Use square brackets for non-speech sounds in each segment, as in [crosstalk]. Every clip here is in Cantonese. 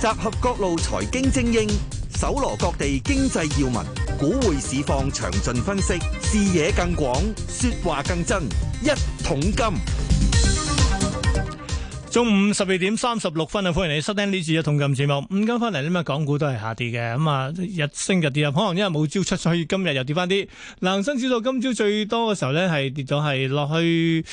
集合各路財經精英，搜羅各地經濟要聞，股匯市況詳盡分析，視野更廣，說話更真。一桶金，中午十二點三十六分啊！歡迎你收聽呢次一桶金節目。咁今日翻嚟咧，咩港股都係下跌嘅，咁啊，日升日跌啊，可能因為冇招出，所以今日又跌翻啲。恒生指數今朝最多嘅時候咧，係跌咗係落去。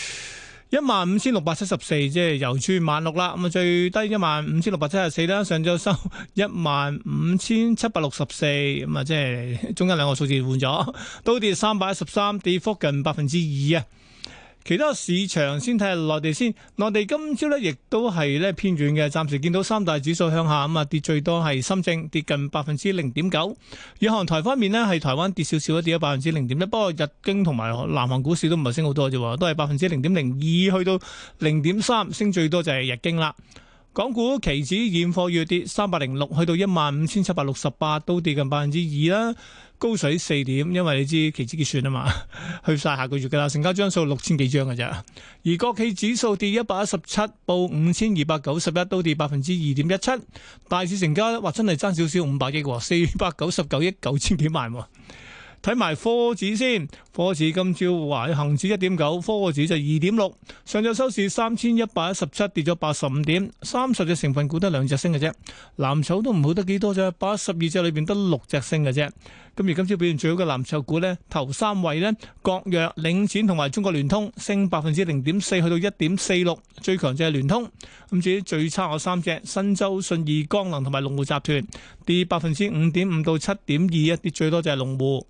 一萬五千六百七十四，15, 4, 即係由穿萬六啦，咁啊最低一萬五千六百七十四啦，上晝收一萬五千七百六十四，咁啊即係中間兩個數字換咗，都跌三百一十三，跌幅近百分之二啊。其他市場先睇下內地先，內地今朝咧亦都係咧偏軟嘅，暫時見到三大指數向下咁啊，跌最多係深證跌近百分之零點九，與韓台方面呢，係台灣跌少少一跌咗百分之零點一，不過日經同埋南韓股市都唔係升好多啫喎，都係百分之零點零二去到零點三，升最多就係日經啦。港股期指現貨月跌三百零六去到一萬五千七百六十八，都跌近百分之二啦，高水四點。因為你知期指結算啊嘛，去晒下個月噶啦。成交張數六千幾張噶啫。而國企指數跌一百一十七，報五千二百九十一，都跌百分之二點一七。大市成交哇，真係爭少少五百億喎，四百九十九億九千幾萬喎。睇埋科指先。股市今朝還恒指一點九，科指就二點六。上日收市三千一百一十七，跌咗八十五點。三十隻成分股得兩隻升嘅啫，藍籌都唔好得幾多啫，八十二隻裏邊得六隻升嘅啫。咁而今朝表現最好嘅藍籌股呢，頭三位呢，國藥、領展同埋中國聯通升百分之零點四，去到一點四六。最強就係聯通。咁至於最差嘅三隻，新洲、信義、光能同埋龍湖集團，跌百分之五點五到七點二，一跌最多就係龍湖。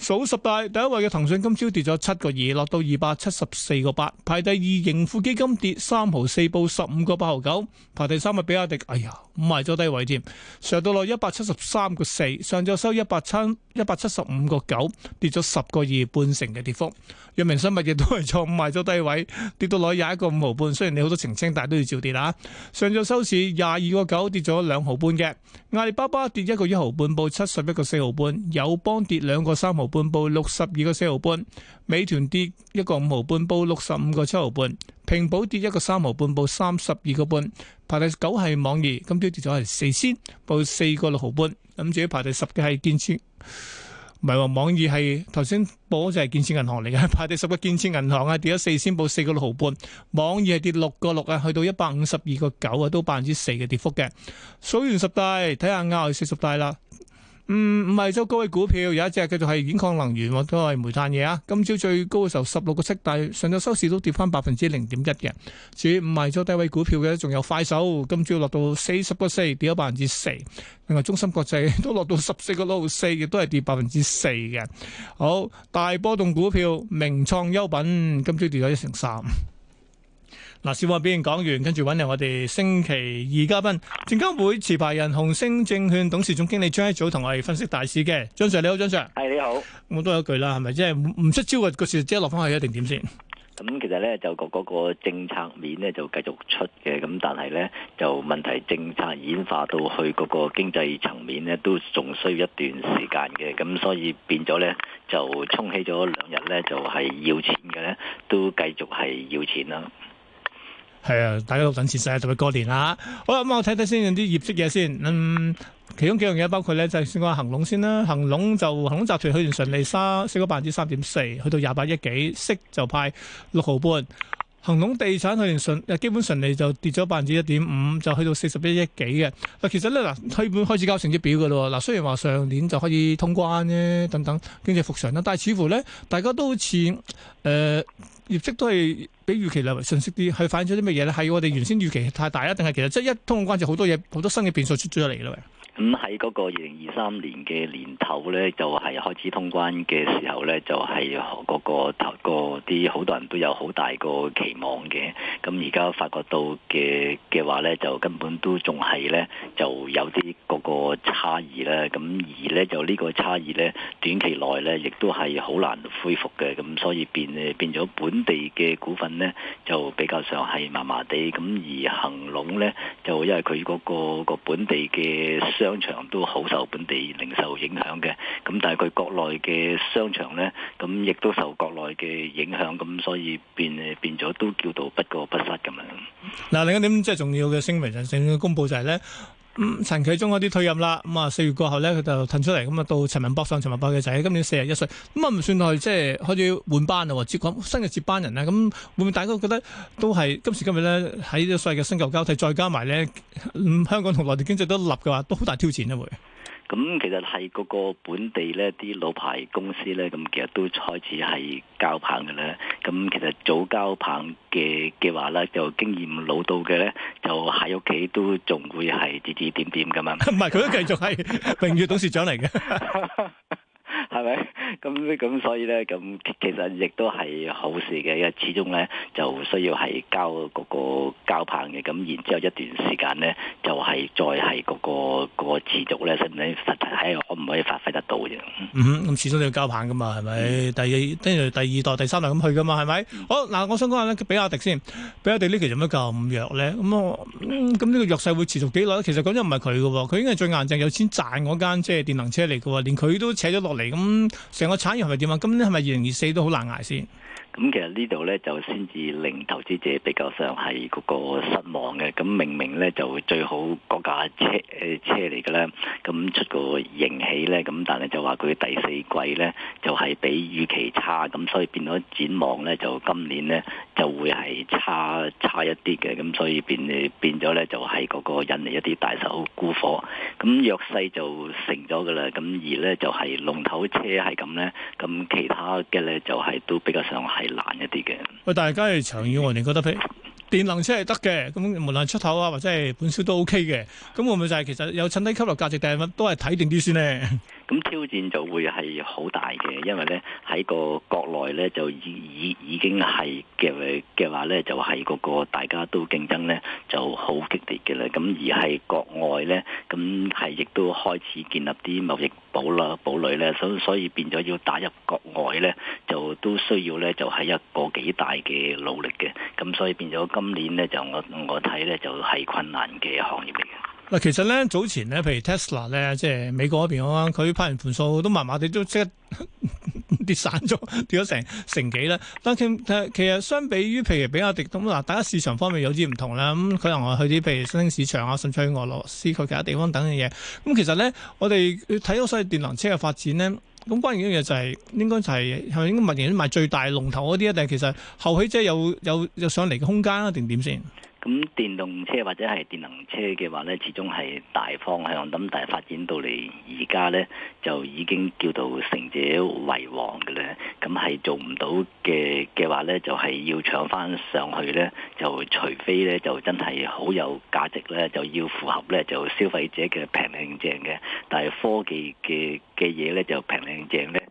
數十大第一位嘅騰訊今朝跌咗七個二，落到二百七十四個八，排第二盈富基金跌三毫四，報十五個八毫九，排第三嘅比亞迪，哎呀，賣咗低位添，到 4, 上到落一百七十三個四，上晝收一百七一百七十五個九，跌咗十個二半成嘅跌幅。藥明生物亦都係錯，賣咗低位，跌到落廿一個五毫半。雖然你好多澄清，但係都要照跌啦。上晝收市廿二個九，跌咗兩毫半嘅。阿里巴巴跌一個一毫半，報七十一個四毫半。友邦跌兩個三毫。半，報六十二個四毫半，美團跌一個五毫半，報六十五個七毫半，平保跌一個三毫半，報三十二個半，排第九係網易，今朝跌咗係四仙，報四個六毫半，咁至於排第十嘅係建設，唔係話網易係頭先報就係建設銀行嚟嘅，排第十嘅建設銀行啊，跌咗四仙，報四個六毫半，網易係跌六個六啊，去到一百五十二個九啊，都百分之四嘅跌幅嘅。數完十大，睇下亞四十大啦。唔唔係咗高位股票有一隻繼續係兗礦能源或者係煤炭嘢啊！今朝最高嘅時候十六個息，但上晝，收市都跌翻百分之零點一嘅。至於唔係咗低位股票嘅，仲有快手，今朝落到四十個四，跌咗百分之四。另外中芯國際都落到十四個六四，亦都係跌百分之四嘅。好，大波動股票，名創優品今朝跌咗一成三。嗱，小波表現講完，跟住揾嚟我哋星期二嘉賓證監會持牌人鴻升證券董事總經理張益祖，同我哋分析大市嘅。張 Sir，你好，張 Sir，係你好，我都有一句啦，係咪即係唔出招嘅，個市，即係落翻去一定點先咁？其實咧就個嗰個政策面咧就繼續出嘅，咁但係咧就問題政策演化到去嗰個經濟層面咧，都仲需要一段時間嘅。咁所以變咗咧就沖起咗兩日咧，就係要錢嘅咧，都繼續係要錢啦。係啊，大家都等錢使，就係過年啦。好啦，咁我睇睇先啲業績嘢先。嗯，其中幾樣嘢包括咧，就係、先講下恒隆先啦。恒隆就恒隆集團去完純利沙升咗百分之三點四，去到廿八億幾，息就派六毫半。恒隆地產去年純，誒基本上利就跌咗百分之一點五，就去到四十一億幾嘅。嗱，其實咧嗱，退本開始交成績表嘅咯。嗱，雖然話上年就可以通關咧，等等經濟復常啦，但係似乎咧大家都好似誒、呃、業績都係比預期略為遜色啲。佢反映咗啲乜嘢咧？係我哋原先預期太大啦，定係其實即係一通關就好多嘢，好多新嘅變數出咗嚟啦？咁喺嗰個二零二三年嘅年頭咧，就係開始通關嘅時候咧，就係嗰個頭個啲好多人都有好大個期望嘅。咁而家發覺到嘅嘅話咧，就根本都仲係咧就有啲嗰個差異咧。咁而咧就呢個差異咧，短期內咧亦都係好難恢復嘅。咁所以變誒變咗本地嘅股份咧，就比較上係麻麻地。咁而恒隆咧，就因為佢嗰個個本地嘅商場都好受本地零售影響嘅，咁但係佢國內嘅商場咧，咁亦都受國內嘅影響，咁所以變誒變咗都叫做不過不失咁樣。嗱、嗯，另一點即係重要嘅聲明就正嘅公布就係、是、咧。陳啟宗嗰啲退任啦，咁啊四月過後咧，佢就騰出嚟，咁、嗯、啊到陳文博上陳文博嘅仔，今年四十一歲，咁啊唔算係即係開始換班啦，接新嘅接班人咧，咁、嗯、會唔會大家覺得都係今時今日咧喺呢個世界嘅新舊交替，再加埋咧、嗯，香港同內地經濟都立嘅話，都好大挑戰一、啊、回。會咁其實係嗰個本地呢啲老牌公司呢，咁其實都開始係交棒嘅喇。咁其實早交棒嘅嘅話呢，就經驗老到嘅呢，就喺屋企都仲會係指指點點噉樣。唔係， [laughs] 佢都繼續係榮譽董事長嚟嘅。 [laughs] 係咪？咁咁所以咧，咁其實亦都係好事嘅，因為始終咧就需要係交嗰個交棒嘅。咁然之後一段時間咧，就係、係、再係嗰、嗰個、嗰個持續咧，使唔使睇可唔可以發揮得到嘅？嗯，咁始終都要交棒噶嘛，係咪？嗯、第跟住第二代、第三代咁去噶嘛，係咪？好嗱，我想講下咧，比亞迪先，比亞迪期呢期做乜咁弱咧？咁咁呢個弱勢會持續幾耐？其實講真唔係佢嘅喎，佢應該係最硬淨有錢賺嗰間即係電能車嚟嘅喎，連佢都扯咗落嚟。咁成、嗯、個產業係咪點啊？今年係咪二零二四都好難捱先？咁其實呢度呢，就先至令投資者比較上係嗰個失望嘅。咁明明呢，就最好嗰架車誒車嚟嘅呢，咁出個盈喜呢。咁但係就話佢第四季呢，就係、是、比預期差，咁所以變咗展望呢，就今年呢，就會係差差一啲嘅。咁所以變誒變咗呢，就係嗰個引嚟一啲大手沽貨。咁弱勢就成咗㗎喇。咁而呢，就係、是、龍頭車係咁呢。咁其他嘅呢，就係、是、都比較上係。難一啲嘅。喂，大家係長遠，我哋覺得，譬如電能車係得嘅，咁無論係出口啊，或者係本銷都 O K 嘅。咁會唔會就係其實有趁低吸落價值定係乜都係睇定啲先呢？咁挑戰就會係好大嘅，因為咧喺個國內咧就已已已經係嘅嘅話咧就係嗰個個大家都競爭咧就好激烈嘅啦。咁而係國外咧，咁係亦都開始建立啲貿易堡啦堡壘咧，所所以變咗要打入國。外咧就都需要咧就係一個幾大嘅努力嘅，咁所以變咗今年咧就我我睇咧就係困難嘅行業嚟嘅。嗱，其實咧早前咧，譬如 Tesla 咧，即係美國嗰邊啊，佢批完盤數都麻麻地都即刻跌散咗，跌咗成成幾咧。但其其實相比於，譬如比亞迪咁，嗱，大家市場方面有啲唔同啦。咁佢可能去啲譬如新興市場啊，甚至於俄羅斯佢其他地方等嘅嘢。咁其實咧，我哋睇咗所有電能車嘅發展咧。咁關於呢樣嘢就係、是、應該就係係咪應該賣最大龍頭嗰啲啊？定其實後起者有有有上嚟嘅空間啊？定點先？咁電動車或者係電能車嘅話呢，始終係大方向。咁但係發展到嚟而家呢，就已經叫做成者為王嘅咧。咁係做唔到嘅嘅話呢，就係要搶翻上去呢，就除非呢，就真係好有價值呢，就要符合呢，就消費者嘅平靚正嘅。但係科技嘅嘅嘢呢，就平靚正咧。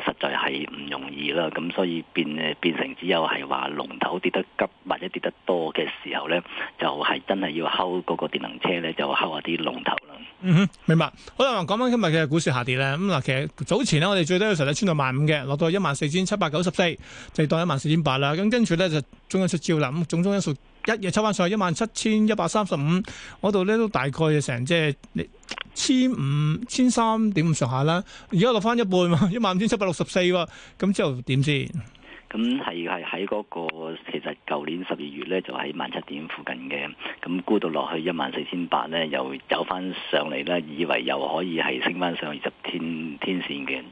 實在係唔容易啦，咁所以變誒變成只有係話龍頭跌得急或者跌得多嘅時候咧，就係、是、真係要敲嗰個電能車咧，就敲下啲龍頭啦。嗯哼，明白。好啦，話講翻今日嘅股市下跌咧，咁、嗯、嗱，其實早前咧，我哋最低嘅時候咧，穿到萬五嘅，落到一萬四千七百九十四，就當一萬四千八啦。咁跟住咧就中央出招啦，咁總中央數一夜抽翻上去一萬七千一百三十五，嗰度咧都大概成即係你。千五千三點五上下啦，而家落翻一半嘛，一萬五千七百六十四喎，咁之後點先？咁係係喺嗰個，其實舊年十二月咧就喺萬七點附近嘅，咁估到落去一萬四千八咧，又走翻上嚟啦，以為又可以係升翻上二十天天線嘅。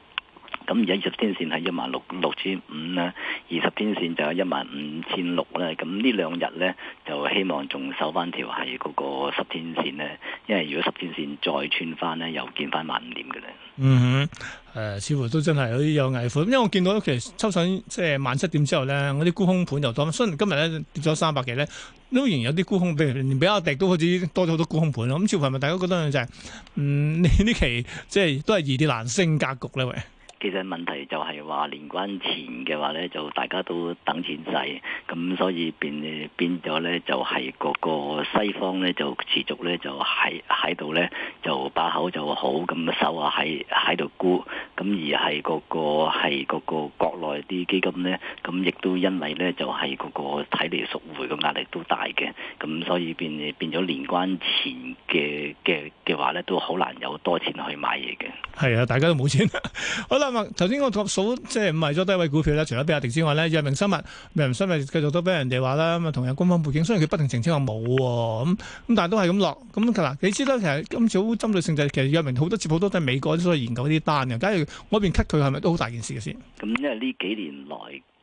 咁而家二十天線係一萬六六千五啦，二十天線就有一萬五千六啦。咁呢兩日咧，就希望仲收翻條係嗰個十天線咧，因為如果十天線再穿翻咧，又見翻萬五點嘅咧。嗯哼，誒、呃，似乎都真係有啲有危款，因為我見到其實抽上即係萬七點之後咧，我啲沽空盤又多。雖然今日咧跌咗三百幾咧，都仍然有啲沽空，譬如連比亞迪都好似多咗好多沽空盤咁、嗯、似乎係咪大家覺得就係、是、嗯、就是、呢呢期即係都係易跌難升格局咧？喂！其實問題就係話年關前嘅話呢，就大家都等錢使，咁所以變變咗呢，就係、是、嗰個西方呢，就持續呢，就喺喺度呢，就把口就好咁守啊，喺喺度沽，咁而係嗰個係嗰個國內啲基金呢，咁亦都因為呢，就係、是、嗰個睇嚟贖回嘅壓力都大嘅，咁所以變變咗年關前嘅嘅嘅話呢，都好難有多錢去買嘢嘅。係啊，大家都冇錢， [laughs] 好啦。頭先、嗯、我數即係唔係咗低位股票咧，除咗比亞迪之外咧，藥明生物、藥明生物繼續都俾人哋話啦，咁啊同樣官方背景，雖然佢不停澄清話冇咁，咁、嗯、但係都係咁落咁嗱。你知啦，其實今早針對性就係其實藥明好多接好多都係美國所以研究啲單嘅，假如我一邊 cut 佢，係咪都好大件事嘅先？咁因為呢幾年來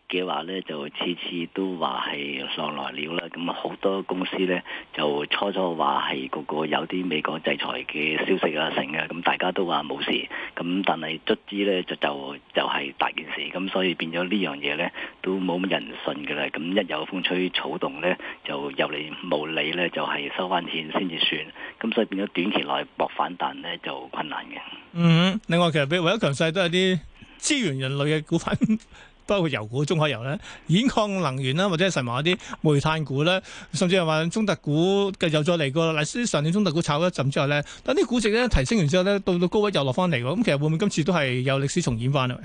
嘅話咧，就次次都話係上來了啦。咁好多公司咧就初初話係個個有啲美國制裁嘅消息啊成嘅，咁大家都話冇事。咁但係卒之咧就就就係大件事，咁所以變咗呢樣嘢咧都冇乜人信嘅啦。咁一有風吹草動咧，就入嚟無理咧，就係收翻錢先至算。咁所以變咗短期內搏反彈咧就困難嘅。嗯，另外其實唯一強勢都係啲資源人類嘅股份。 [laughs] 包括油股、中海油咧、兗礦能源啦，或者係神華啲煤炭股咧，甚至係話中特股又再嚟過。嗱，上年中特股炒咗一陣之後咧，等啲估值咧提升完之後咧，到到高位又落翻嚟喎。咁、嗯、其實會唔會今次都係有歷史重演翻咧？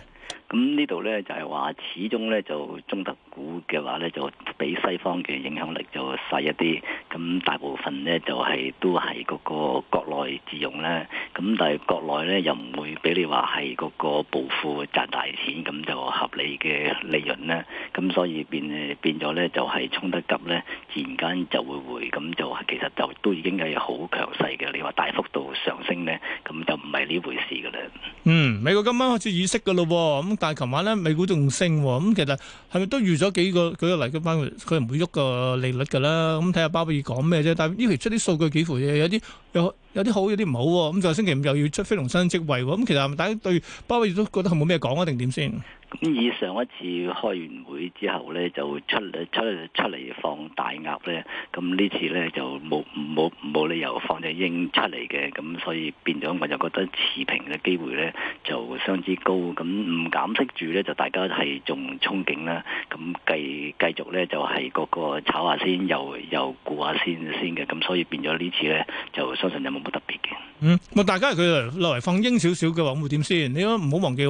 咁呢度呢，就係話，始終呢，就中特股嘅話呢，就比西方嘅影響力就細一啲。咁大部分呢，就係、是、都係嗰個國內自用啦。咁但係國內呢，又唔會俾你話係嗰個暴富賺大錢，咁就合理嘅利潤啦。咁所以變變咗呢，就係衝得急呢，自然間就會回。咁就其實就都已經係好強勢嘅。你話大幅度上升呢，咁就唔係呢回事㗎喇。嗯，美國今晚開始議息嘅咯喎，咁但係琴晚咧美股仲升喎，咁、嗯、其實係咪都預咗幾個舉個例翻佢，唔會喐個利率㗎啦，咁睇下鮑威爾講咩啫。但係呢期出啲數據幾乎有啲有有啲好有啲唔好，咁就、嗯、星期五又要出非農新職位，咁、嗯、其實係咪大家對鮑威爾都覺得係冇咩講啊定點先？咁以上一次開完會之後咧，就出嚟出嚟出嚟放大鴨咧，咁呢次咧就。冇冇冇理由放隻鷹出嚟嘅，咁所以變咗我就覺得持平嘅機會咧就相之高，咁唔減息住咧就大家係仲憧憬啦，咁繼繼續咧就係、是、個個炒下先，又又沽下先先嘅，咁所以變咗呢次咧就相信有冇乜特別嘅。嗯，大家係佢落嚟放鷹少少嘅話，會點先？你都唔好忘記，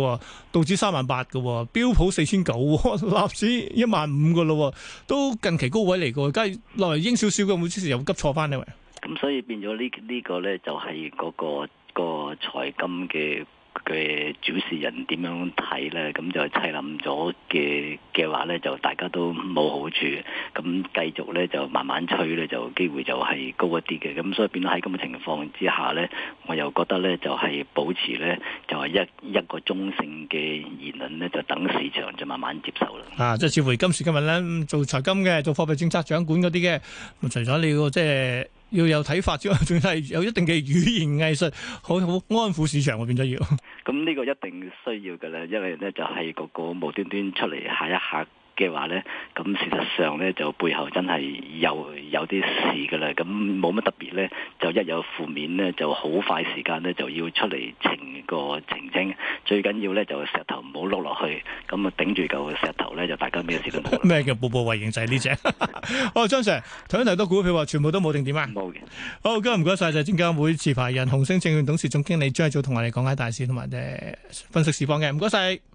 道指三萬八嘅，標普四千九，納指一萬五嘅咯，都近期高位嚟嘅，梗係落嚟鷹少少嘅，會唔會於是又急？過翻呢位，咁所以變咗呢呢個咧，就係嗰個個財金嘅。嘅主持人點樣睇咧？咁就係砌冧咗嘅嘅話咧，就大家都冇好處。咁繼續咧就慢慢吹咧，就機會就係高一啲嘅。咁所以變咗喺咁嘅情況之下咧，我又覺得咧就係、是、保持咧就係、是、一一個中性嘅言論咧，就等市場就慢慢接受啦。啊！即係召回今時今日咧，做財金嘅做貨幣政策掌管嗰啲嘅，除咗你要即係。要有睇法之外，之嘛，仲係有一定嘅語言藝術，好好安撫市場，我變咗要。咁呢個一定需要嘅啦，因為咧就係、是、個個無端端出嚟嚇一嚇。嘅話咧，咁事實上咧就背後真係又有啲事嘅啦。咁冇乜特別咧，就一有負面咧，就好快時間咧就要出嚟、個、澄清。澄清最緊要咧就石頭唔好碌落去。咁啊，頂住嚿石頭咧，就大家咩事都冇。咩叫步步為營就係呢隻。哦， [laughs] [laughs] 張 Sir，頭先提到股票話全部都冇定點啊？冇嘅的。好，今日唔該晒就證、是、監會持牌人紅星證券董事總經理張益祖同我哋講解大市同埋誒分析時況嘅，唔該晒。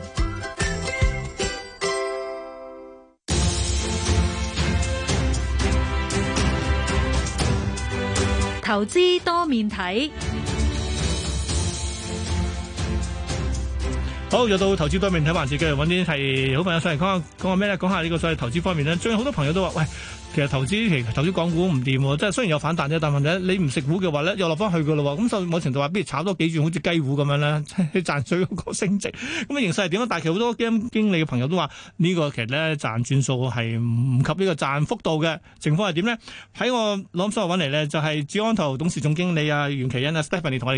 投資多面睇。好，又到投資方面睇環節，繼續揾啲係好朋友上嚟講下講下咩咧？講下呢講下個所謂投資方面咧，最近好多朋友都話：喂，其實投資其實投資港股唔掂喎，即係雖然有反彈啫，但問題你唔食糊嘅話咧，又落翻去噶咯喎。咁所以某程度話，不如炒多幾轉，好似雞糊咁樣咧，去 [laughs] 賺取嗰個升值。咁啊，形勢係點咧？但係其實好多基金經理嘅朋友都話，呢、呢個其實咧賺轉數係唔及呢個賺幅度嘅。情況係點咧？喺我攞啱手揾嚟咧，就係智安投董事總經理啊袁其欣啊 Stephanie 嚟同